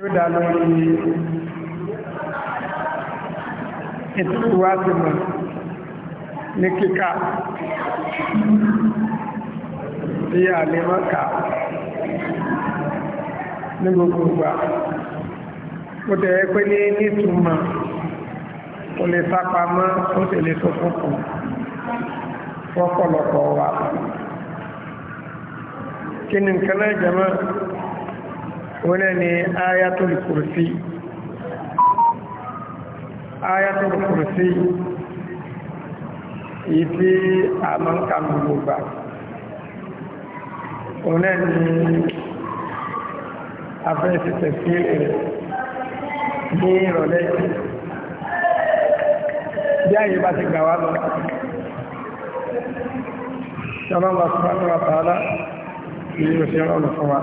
tó dá lórí ìtùkù wá ti mọ̀ ní kíkà tí a lè mọ́ka ní gbogbo ìgbà ó tẹ̀yẹ pé ní nítumọ̀ ó lè sápamọ́ ó sì lè tó fúnfún fọ́pọ̀lọpọ̀ wa kí ni nǹkan náà jẹ́ wọ́n ni ayatul kursi ayatul kursi ìdí àmọ́ǹkà gbogbo wọ́n ni afẹ́sì tẹ̀sí rẹ̀ ní ìrọ̀lẹ́ bí ayé bá ti gbà wá lọ ṣọlọ́wọ́ sọ́lọ́wọ́ tààlà ìlú ìṣẹ́rọ̀ olùfọ́wàá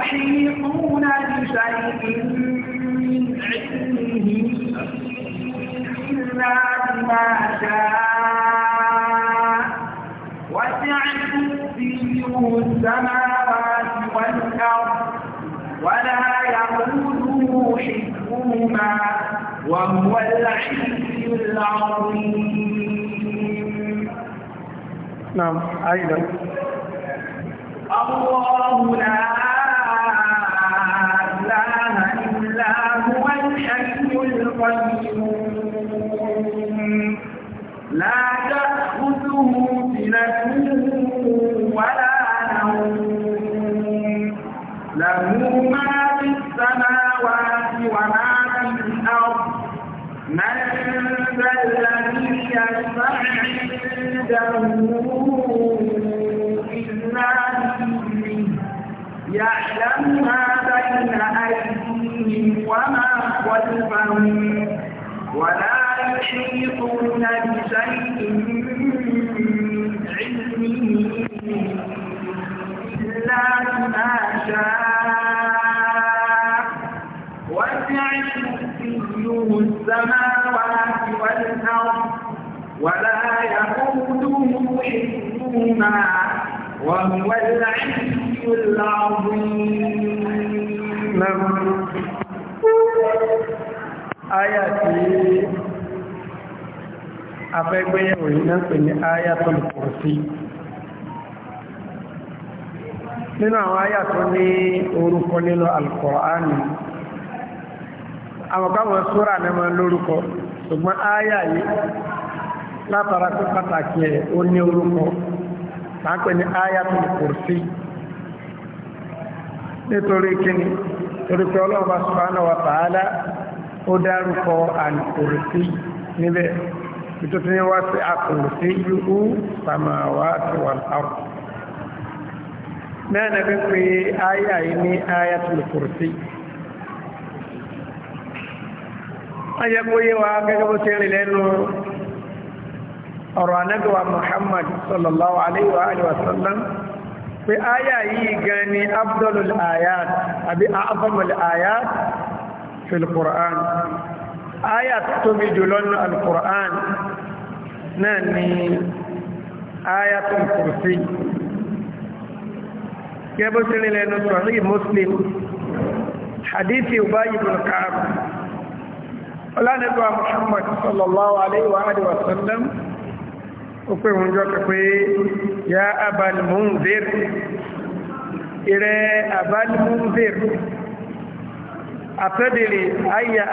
يحيطون بشيء من علمه إلا بما شاء وسع كرسيه السماوات والأرض ولا يقوده حفظهما وهو العلي العظيم نعم أيضا الله لا قيوم لا تأخذه سنة ولا نوم له ما في السماوات وما في الأرض من ذا الذي يشفع عنده إلا بإذنه يعلم ما بين أيديهم وما ولا يحيطون بشيء من علمه إلا بما شاء وسع كرسيه السماوات والأرض ولا يقوده حفظهما وهو العلي العظيم áyà tí afẹ́gbẹ́yẹ̀wò yìí náà pè ní áyà tó lè pọ̀ sí nínú àwọn áyà tó ní orúkọ nínú alkọ̀ọ́ánì àwọn káwọn sóra náà máa lórúkọ ṣùgbọ́n áyà yìí látara kó pàtàkì ẹ̀ ó ní orúkọ máa pè ní áyà tó lè pọ̀ sí nítorí kíni torí ọlọ́run bá subhanahu wa ta'ala ó dárúkọ àlùkùrùsí níbẹ̀ ìtòtún ni wá sí àkùrùsí yúú sàmàwá àti wàlárù náà nàbí pé áyà yìí ní áyà tùlùkùrùsí wọ́n yẹ kó yé wa gẹ́gẹ́ bó ṣe rìn lẹ́nu ọ̀rọ̀ anábíwa Muhammad sallallahu alayhi wa alihi wa sallam pé áyà yìí gan ni abdulul ayat àbí afamul ayat في القرآن آيات تمجل لنا القرآن ناني آيات الكرسي يبسل لنا صحيح مسلم حديث أبي بن كعب ولا نبوى محمد صلى الله عليه وآله وسلم وكي هنجوك يا أبا المنذر إلى أبا المنذر أتدري أي